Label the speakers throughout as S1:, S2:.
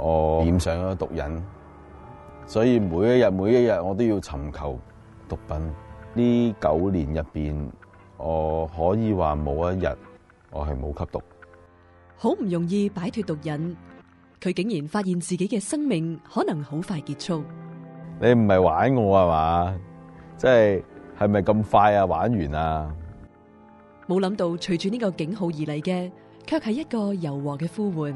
S1: 我染上咗毒癮，所以每一日每一日我都要尋求毒品。呢九年入邊，我可以話冇一日我係冇吸毒。
S2: 好唔容易擺脫毒癮，佢竟然發現自己嘅生命可能好快結束。
S1: 你唔係玩我啊嘛？即係係咪咁快啊？玩完啊？
S2: 冇諗到，隨住呢個警號而嚟嘅，卻係一個柔和嘅呼喚。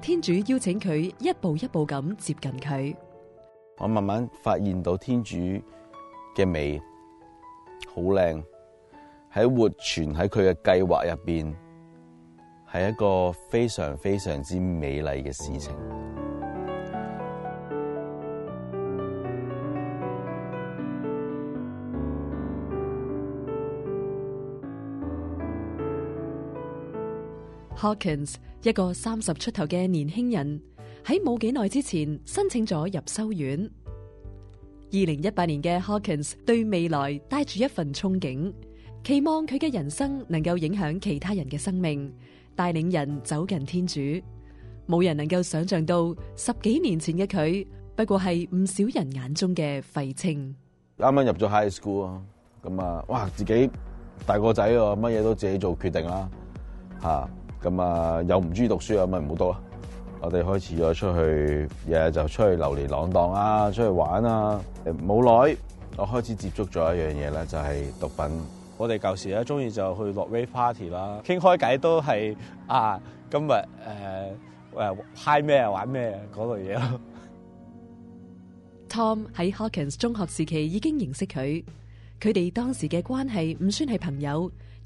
S2: 天主邀請佢一步一步咁接
S1: 近佢，我慢慢發現到天主嘅美好靚，喺活存喺佢嘅計劃入邊，係一個非常非常之美麗嘅事情。
S2: Hawkins，一個三十出頭嘅年輕人喺冇幾耐之前申請咗入修院。二零一八年嘅 Hawkins 對未來帶住一份憧憬，期望佢嘅人生能夠影響其他人嘅生命，帶領人走近天主。冇人能夠想象到十幾年前嘅佢，不過係唔少人眼中嘅廢青。
S1: 啱啱入咗 High School 啊，咁啊，哇，自己大個仔喎，乜嘢都自己做決定啦，吓。咁、嗯、啊，又唔中意讀書啊，咪唔好多啊。我哋開始咗出去，日日就出去流連浪蕩啊，出去玩啊！冇耐，我開始接觸咗一樣嘢咧，就係、是、毒品。
S3: 我哋舊時咧中意就去落 rave party 啦，傾開偈都係啊，今日誒誒 high 咩啊？玩咩嗰類嘢咯。
S2: Tom 喺 Hawkins 中學時期已經認識佢，佢哋當時嘅關係唔算係朋友。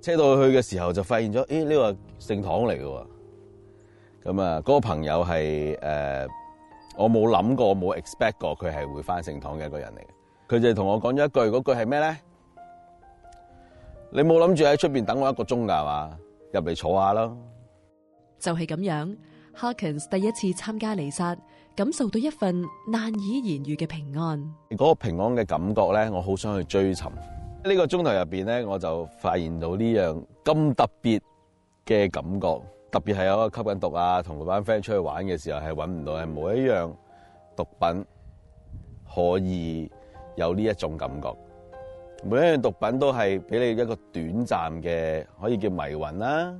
S1: 車到去嘅時候就發現咗，咦呢個聖堂嚟嘅，咁啊嗰個朋友係誒、呃，我冇諗過冇 expect 過佢係會翻聖堂嘅一個人嚟，佢就同我講咗一句，嗰句係咩咧？你冇諗住喺出邊等我一個鐘噶嘛？入嚟坐下咯。
S2: 就係、是、咁樣，Hawkins 第一次參加彌撒，感受到一份難以言喻嘅平安。嗰、
S1: 那個平安嘅感覺咧，我好想去追尋。呢、這個鐘頭入邊咧，我就發現到呢樣咁特別嘅感覺，特別係有一個吸緊毒啊，同嗰班 friend 出去玩嘅時候係揾唔到，係冇一樣毒品可以有呢一種感覺。每一樣毒品都係俾你一個短暫嘅，可以叫迷魂啦，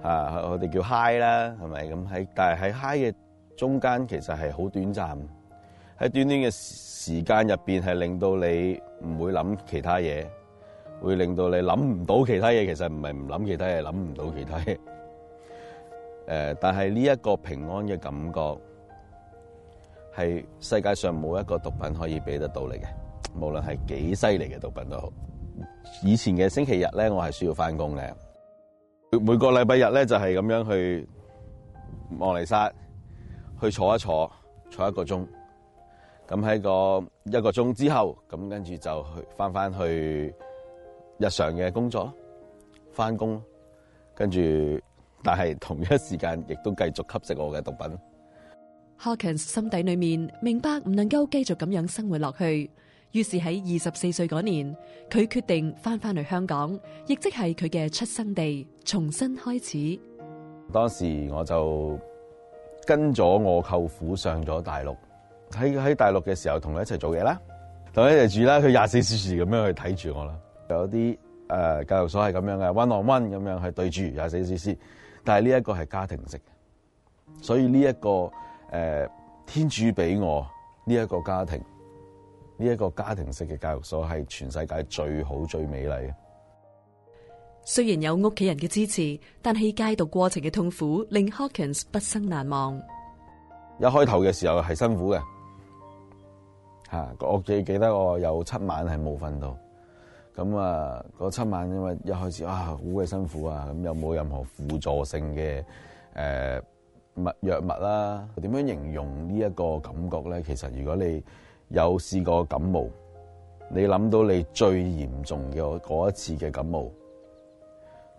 S1: 吓我哋叫 high 啦，係咪咁喺？但係喺 high 嘅中間，其實係好短暫。喺短短嘅時間入邊，係令到你唔會諗其他嘢，會令到你諗唔到其他嘢。其實唔係唔諗其他嘢，諗唔到其他嘢。誒，但係呢一個平安嘅感覺，係世界上冇一個毒品可以俾得到你嘅。無論係幾犀利嘅毒品都好。以前嘅星期日咧，我係需要返工嘅。每個禮拜日咧，就係咁樣去望彌撒，去坐一坐，坐一個鐘。咁喺個一個鐘之後，咁跟住就去翻翻去日常嘅工作咯，翻工咯，跟住但係同一時間亦都繼續吸食我嘅毒品。
S2: Hawkins 心底裏面明白唔能夠繼續咁樣生活落去，於是喺二十四歲嗰年，佢決定翻翻嚟香港，亦即係佢嘅出生地，重新開始。
S1: 當時我就跟咗我舅父上咗大陸。喺喺大陸嘅時候一起，同佢一齊做嘢啦，同佢一齊住啦。佢廿四小時咁樣去睇住我啦。有啲誒，教育所係咁樣嘅，one on one 咁樣去對住廿四小時，但係呢一個係家庭式，所以呢一個誒，天主俾我呢一個家庭，呢一個家庭式嘅教育所係全世界最好最美麗
S2: 嘅。雖然有屋企人嘅支持，但係戒毒過程嘅痛苦令 Hawkins 畢生難忘。
S1: 一開頭嘅時候係辛苦嘅。吓，我記記得我有七晚係冇瞓到，咁啊，嗰七晚因為一開始啊好鬼辛苦啊，咁又冇任何輔助性嘅誒、呃、物、藥物啦，點樣形容呢一個感覺咧？其實如果你有試過感冒，你諗到你最嚴重嘅嗰一次嘅感冒，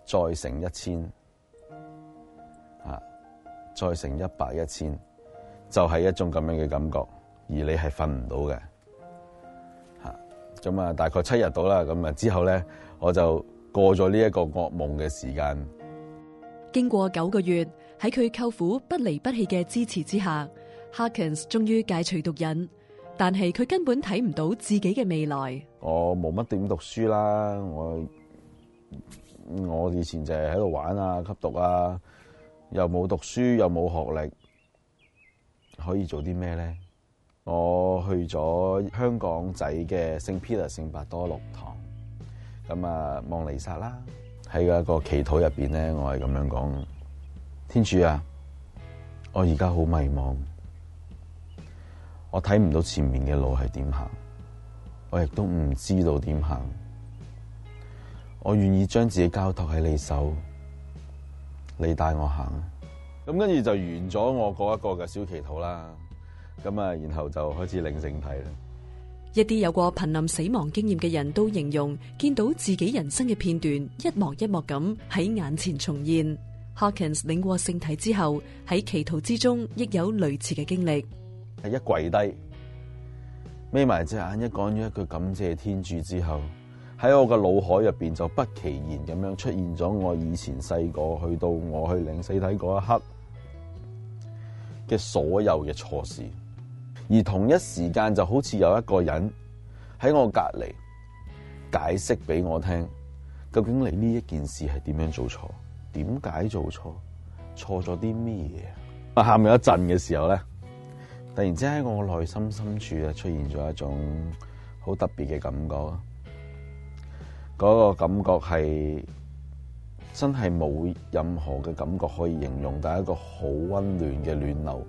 S1: 再乘一千，啊，再乘一百一千，就係、是、一種咁樣嘅感覺。而你係瞓唔到嘅，吓咁啊，大概七日到啦。咁啊之後咧，我就過咗呢一個噩夢嘅時間。
S2: 經過九個月喺佢舅父不離不棄嘅支持之下，Harkins 終於戒除毒癮，但係佢根本睇唔到自己嘅未來。
S1: 我冇乜點讀書啦，我我以前就係喺度玩啊，吸毒啊，又冇讀書，又冇學歷，可以做啲咩咧？我去咗香港仔嘅聖彼得聖伯多祿堂，咁啊望彌撒啦，喺一個祈禱入邊咧，我係咁樣講：天主啊，我而家好迷茫，我睇唔到前面嘅路係點行，我亦都唔知道點行，我願意將自己交託喺你手，你帶我行。咁跟住就完咗我嗰一個嘅小祈禱啦。咁啊，然後就開始領聖體啦。
S2: 一啲有過瀕臨死亡經驗嘅人都形容見到自己人生嘅片段一幕一幕咁喺眼前重現。Hawkins 領過聖體之後喺祈禱之中亦有類似嘅經歷。
S1: 係一跪低，眯埋隻眼，一講咗一句感謝天主之後，喺我嘅腦海入邊就不其然咁樣出現咗我以前細個去到我去領聖體嗰一刻嘅所有嘅錯事。而同一時間，就好似有一個人喺我隔離解釋俾我聽，究竟你呢一件事係點樣做錯？點解做錯？錯咗啲咩嘢？啊！喊咗一陣嘅時候咧， 突然之間喺我內心深處啊，出現咗一種好特別嘅感覺。嗰個感覺係真係冇任何嘅感覺可以形容，但係一個好温暖嘅暖流。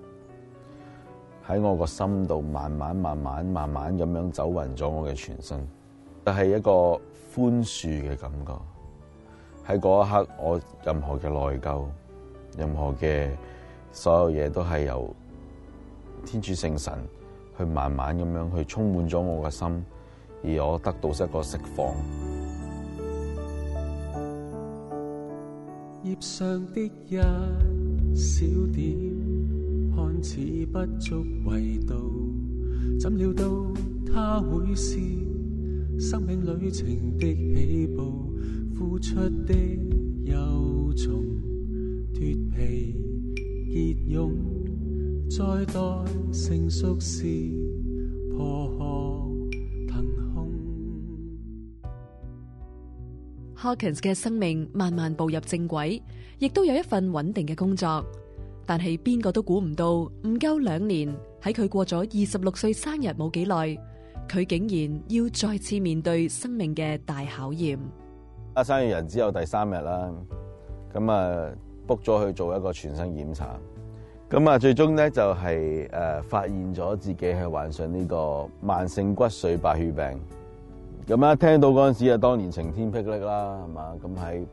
S1: 喺我個心度，慢慢、慢慢、慢慢咁樣走匀咗我嘅全身，就係、是、一個寬恕嘅感覺。喺嗰一刻，我任何嘅內疚，任何嘅所有嘢，都係由天主聖神去慢慢咁樣去充滿咗我個心，而我得到一個釋放。
S3: 葉上的一小點。看似不足為道，怎料到他會是生命旅程的起步。付出的幼蟲脫皮結蛹，
S2: 再待
S3: 成熟時破殼騰空。
S2: Hawkins 嘅生命慢慢步入正軌，亦都有一份穩定嘅工作。但係邊個都估唔到，唔夠兩年喺佢過咗二十六歲生日冇幾耐，佢竟然要再次面對生命嘅大考驗。
S1: 啊，生完人之後第三日啦，咁啊 book 咗去做一個全身檢查，咁啊最終咧就係誒發現咗自己係患上呢個慢性骨髓白血病。咁啊聽到嗰陣時啊，當年晴天霹靂啦，係嘛咁喺。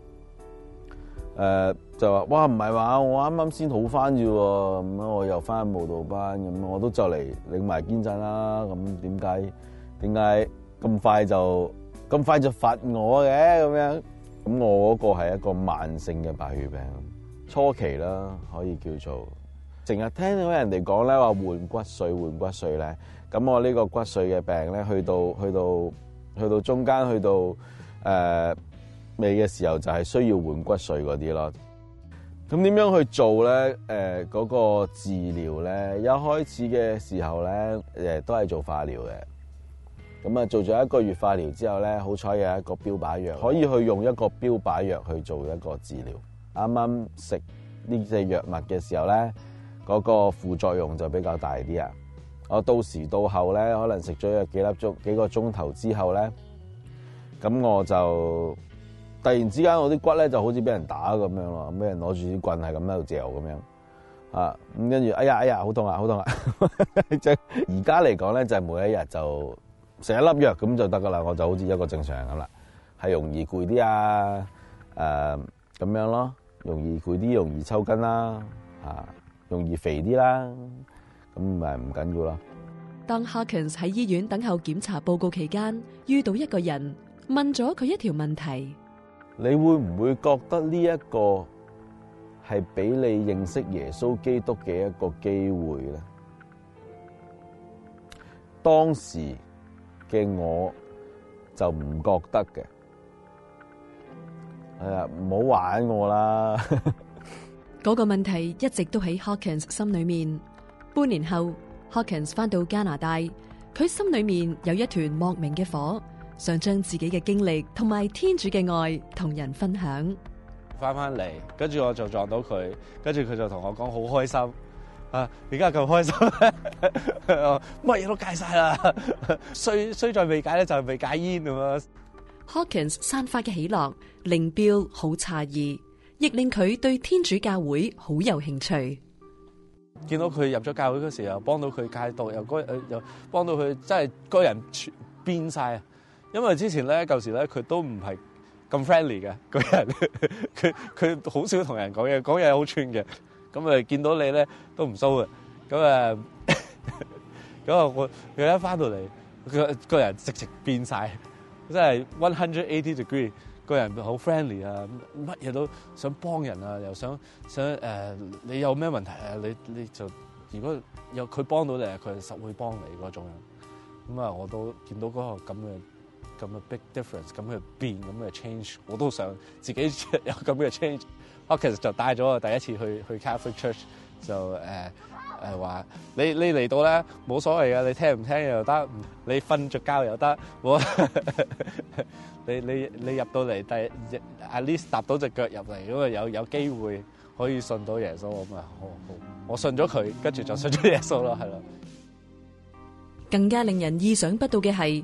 S1: 誒就話哇，唔係話我啱啱先好翻住喎，咁啊我又翻舞蹈班，咁我都就嚟領埋堅振啦，咁點解點解咁快就咁快就罰我嘅咁樣？咁我嗰個係一個慢性嘅白血病初期啦，可以叫做成日聽到人哋講咧，話換骨髓換骨髓咧，咁我呢個骨髓嘅病咧去到去到去到中間去到誒。未嘅時候就係需要換骨髓嗰啲咯。咁點樣去做咧？誒、呃、嗰、那個治療咧，一開始嘅時候咧誒都係做化療嘅。咁啊，做咗一個月化療之後咧，好彩有一個標靶藥，可以去用一個標靶藥去做一個治療。啱啱食呢隻藥物嘅時候咧，嗰、那個副作用就比較大啲啊。我到時到後咧，可能食咗有幾粒鐘幾個鐘頭之後咧，咁我就。突然之間，我啲骨咧就好似俾人打咁樣咯，咩人攞住啲棍係咁喺度嚼咁樣啊？咁跟住哎呀哎呀，好、哎、痛啊！好痛啊！即係而家嚟講咧，就係、每一日就食一粒藥咁就得噶啦。我就好似一個正常人咁啦，係容易攰啲啊，誒、啊、咁樣咯，容易攰啲，容易抽筋啦、啊，啊，容易肥啲啦、啊，咁咪唔緊要咯。
S2: Don Harkins 喺醫院等候檢查報告期間，遇到一個人問咗佢一條問題。
S1: 你會唔會覺得呢一個係俾你認識耶穌基督嘅一個機會咧？當時嘅我就唔覺得嘅。哎呀，唔好玩我啦！
S2: 嗰 個問題一直都喺 Hawkins 心裏面。半年後，Hawkins 返到加拿大，佢心裏面有一團莫名嘅火。想將自己嘅經歷同埋天主嘅愛同人分享。
S3: 翻翻嚟，跟住我就撞到佢，他跟住佢就同我講，好開心啊！而家咁開心，乜嘢都戒晒啦，雖雖在未戒咧，就係未戒煙咁啊。麼麼
S2: Hawkins 散發嘅喜樂令 Bill 好詫異，亦令佢對天主教會好有興趣。
S3: 見到佢入咗教會嗰時候，幫到佢戒毒，又嗰又幫到佢，真係、個人變晒。因為之前咧舊時咧佢都唔係咁 friendly 嘅個人，佢佢好少同人講嘢，講嘢好串嘅，咁啊見到你咧都唔蘇嘅，咁啊咁啊佢佢一返到嚟，佢個人直直變晒，真係 one hundred eighty degree，個人好 friendly 啊，乜嘢都想幫人啊，又想想誒、呃、你有咩問題啊，你你就如果有佢幫到你，佢實會幫你嗰種人，咁啊我都見到嗰、嗰個咁嘅。咁嘅 big difference，咁嘅變，咁嘅 change，我都想自己有咁嘅 change。我其實就帶咗我，第一次去去 Catholic Church 就誒誒話，你你嚟到咧冇所謂嘅，你聽唔聽又得，你瞓著覺又得。我你你你入到嚟第 at least 踏到隻腳入嚟，咁啊有有機會可以信到耶穌咁啊，好，我信咗佢，跟住就信咗耶穌囉，係啦。
S2: 更加令人意想不到嘅係。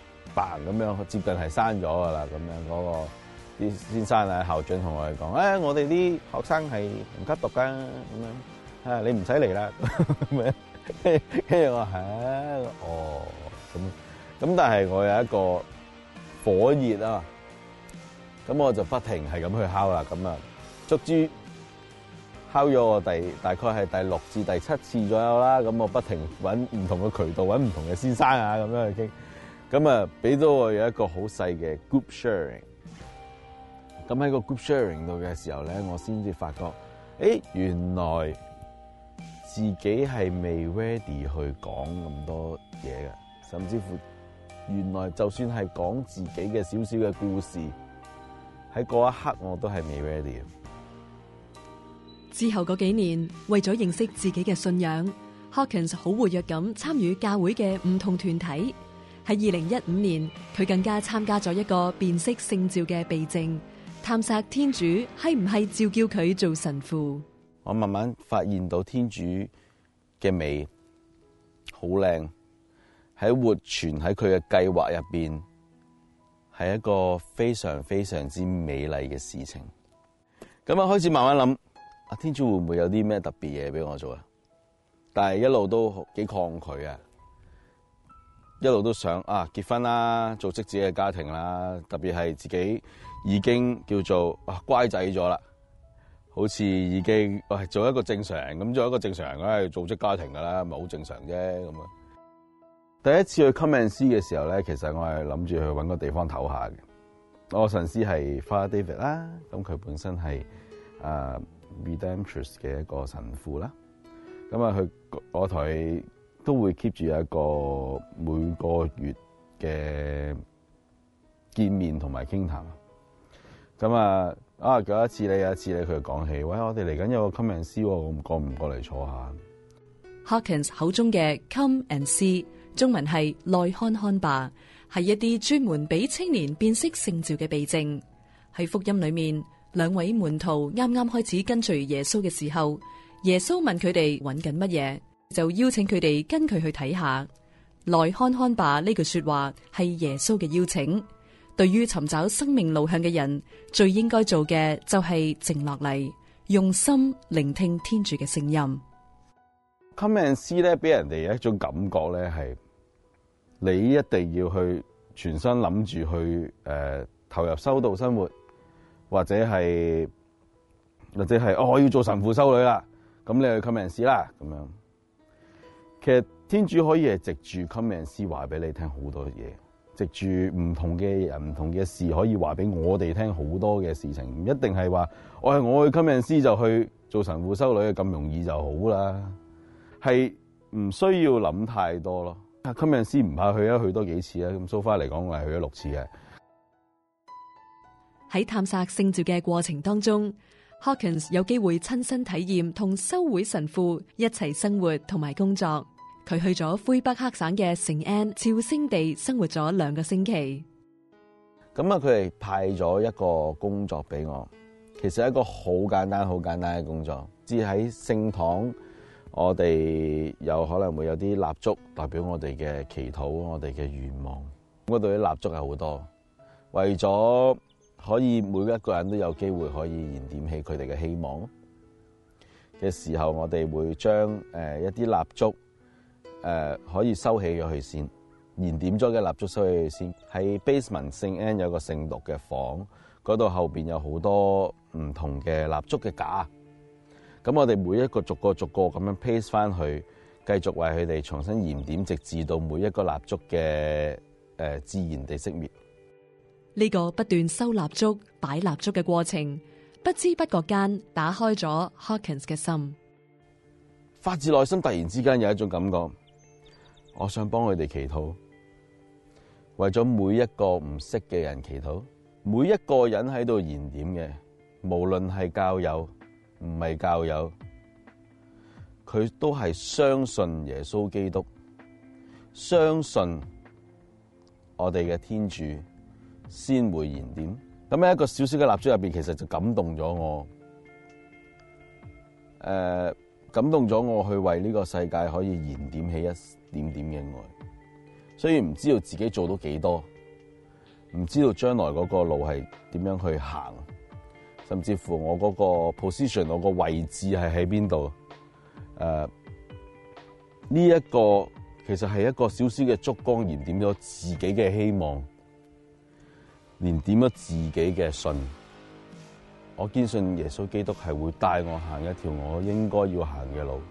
S1: 扮咁樣接近係閂咗噶啦，咁樣嗰個啲先生啊、校長同我哋講，誒、哎，我哋啲學生係唔畀讀噶，咁樣啊，你唔使嚟啦，咁樣，跟 住我係、啊，哦，咁，咁但係我有一個火熱啊，咁我就不停係咁去敲啦，咁啊，終於敲咗我哋大概係第六至第七次左右啦，咁我不停揾唔同嘅渠道揾唔同嘅先生啊，咁樣去傾。咁啊，俾到我有一個好細嘅 group sharing。咁喺個 group sharing 度嘅時候咧，我先至發覺，誒、欸，原來自己係未 ready 去講咁多嘢嘅，甚至乎，原來就算係講自己嘅少少嘅故事，喺嗰一刻我都係未 ready。
S2: 之後嗰幾年，為咗認識自己嘅信仰，Hawkins 好活躍咁參與教會嘅唔同團體。喺二零一五年，佢更加參加咗一個辨識聖召嘅避靜，探索天主係唔係召叫佢做神父。
S1: 我慢慢發現到天主嘅美、美，好靚，喺活存喺佢嘅計劃入邊，係一個非常非常之美麗嘅事情。咁啊，開始慢慢諗，阿天主會唔會有啲咩特別嘢俾我做啊？但係一路都幾抗拒啊。一路都想啊，結婚啦，組織自己嘅家庭啦，特別係自己已經叫做啊乖仔咗啦，好似已經喂做一個正常咁，做一個正常梗係、嗯，組織家庭噶啦，咪好正常啫咁啊。第一次去 come and see 嘅時候咧，其實我係諗住去搵個地方唞下嘅。我個神師係 Father David 啦，咁佢本身係、啊、Redemptress 嘅一個神父啦，咁啊去嗰台。都會 keep 住一個每個月嘅見面同埋傾談,談、啊。咁啊啊，有一次你啊，有一次你佢就講起，喂，我哋嚟緊有個 come and see，我唔過唔過嚟坐下。
S2: Hawkins 口中嘅 come and see，中文係來看看吧，係一啲專門俾青年辨識聖召嘅避靜。喺福音裏面，兩位門徒啱啱開始跟隨耶穌嘅時候，耶穌問佢哋揾緊乜嘢？就邀請佢哋跟佢去睇下，來看看吧。呢句說話係耶穌嘅邀請。對於尋找生命路向嘅人，最應該做嘅就係靜落嚟，用心聆聽天主嘅聲音。
S1: Come and see 咧，俾人哋一種感覺咧，係你一定要去，全身諗住去，誒，投入修道生活，或者係，或者係，哦，我要做神父修女啦，咁你去 Come and see 啦，咁樣。其實天主可以係藉住 Come and See 話俾你聽好多嘢，藉住唔同嘅人、唔同嘅事可以話俾我哋聽好多嘅事情，唔一定係話，我係我去 Come and See 就去做神父修女咁容易就好啦，係唔需要諗太多咯。Come and See 唔怕去啊，去多幾次啊，咁 so far 嚟講我係去咗六次嘅。
S2: 喺探索聖召嘅過程當中，Hawkins 有機會親身體驗同修會神父一齊生活同埋工作。佢去咗魁北克省嘅聖安朝聖地生活咗兩個星期。
S1: 咁啊，佢哋派咗一個工作俾我，其實一個好簡單、好簡單嘅工作。至喺聖堂，我哋有可能會有啲蠟燭代表我哋嘅祈禱，我哋嘅願望。咁嗰度啲蠟燭係好多，為咗可以每一個人都有機會可以燃點起佢哋嘅希望嘅時候，我會，我哋會將誒一啲蠟燭。誒、uh，可以收起咗去先，燃點咗嘅蠟燭收起去先。喺 Basement 聖 N 有個聖六嘅房，嗰度後邊有好多唔同嘅蠟燭嘅架。咁我哋每一個逐個逐個咁樣 place 翻去，繼續為佢哋重新燃點，直至到每一個蠟燭嘅誒自然地熄滅。
S2: 呢、這個不斷收蠟燭、擺蠟燭嘅過程，不知不覺間打開咗 Hawkins 嘅心，
S1: 發自內心突然之間有一種感覺。我想幫佢哋祈禱，為咗每一個唔識嘅人祈禱，每一個人喺度燃點嘅，無論係教友唔係教友，佢都係相信耶穌基督，相信我哋嘅天主先會燃點。咁喺一個小小嘅蠟燭入邊，其實就感動咗我。誒、呃。感動咗我去為呢個世界可以燃點起一點點嘅愛，雖然唔知道自己做到幾多，唔知道將來嗰個路係點樣去行，甚至乎我嗰個 position、我個位置係喺邊度？誒，呢一個其實係一個小小嘅燭光燃點咗自己嘅希望，燃點咗自己嘅信。我堅信耶穌基督係會帶我行一條我應該要行嘅路。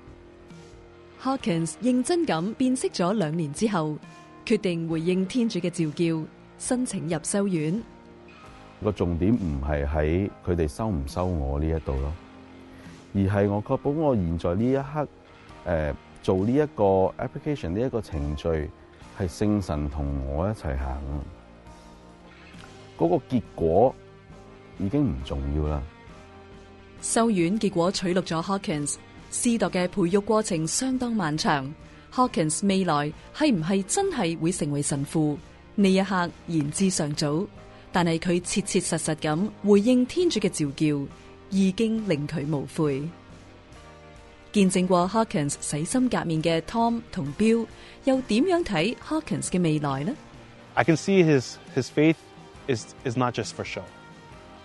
S2: Hawkins 認真咁辨識咗兩年之後，決定回應天主嘅召叫，申請入修院。
S1: 個重點唔係喺佢哋收唔收我呢一度咯，而係我確保我現在呢一刻，誒、呃、做呢一個 application 呢一個程序，係聖神同我一齊行。嗰、那個結果。已經唔重要啦。
S2: 修院結果取錄咗 Hawkins。司鐸嘅培育過程相當漫長。Hawkins 未來係唔係真係會成為神父？呢一刻言之尚早，但係佢切切實實咁回應天主嘅召叫，已經令佢無悔。見證過 Hawkins 洗心革面嘅 Tom 同 Bill，又點樣睇 Hawkins 嘅未來呢
S4: ？I can see his his faith is is not just for show.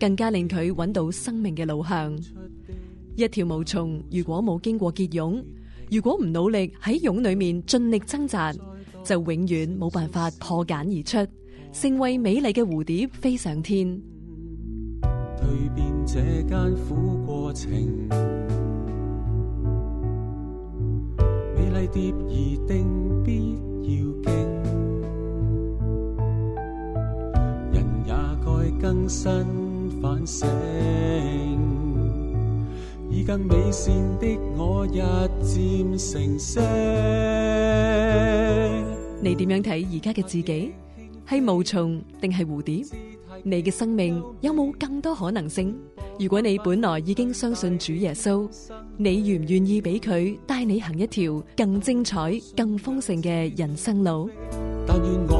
S2: 更加令佢揾到生命嘅路向。一條毛蟲如果冇經過結蛹，如果唔努力喺蛹裏面盡力掙扎，就永遠冇辦法破繭而出，成為美麗嘅蝴蝶飛上天。
S3: 蛻變這艱苦過程，美麗蝶兒定必要經，人也該更新。反省，
S2: 以更美善的我日漸成聖。你點樣睇而家嘅自己？係毛蟲定係蝴蝶？你嘅生命有冇更多可能性？如果你本來已經相信主耶穌，你願唔願意俾佢帶你行一條更精彩、更豐盛嘅人生路？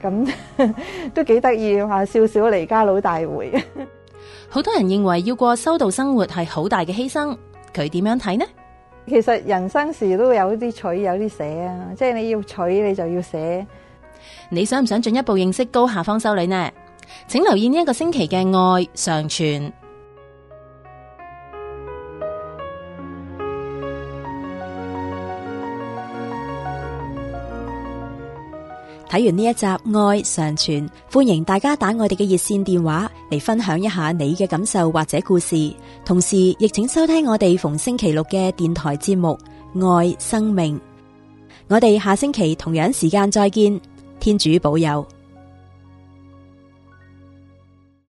S2: 咁 都幾得意啊！少少離家老大會，好多人認為要過修道生活係好大嘅犧牲，佢點樣睇呢？其實人生時都有啲取有啲捨啊，即係你要取你就要捨。你想唔想進一步認識高下方修女呢？請留意呢一個星期嘅愛上傳。常全睇完呢一集《愛常存》，歡迎大家打我哋嘅熱線電話嚟分享一下你嘅感受或者故事。同時亦請收聽我哋逢星期六嘅電台節目《愛生命》。我哋下星期同樣時間再見，天主保佑。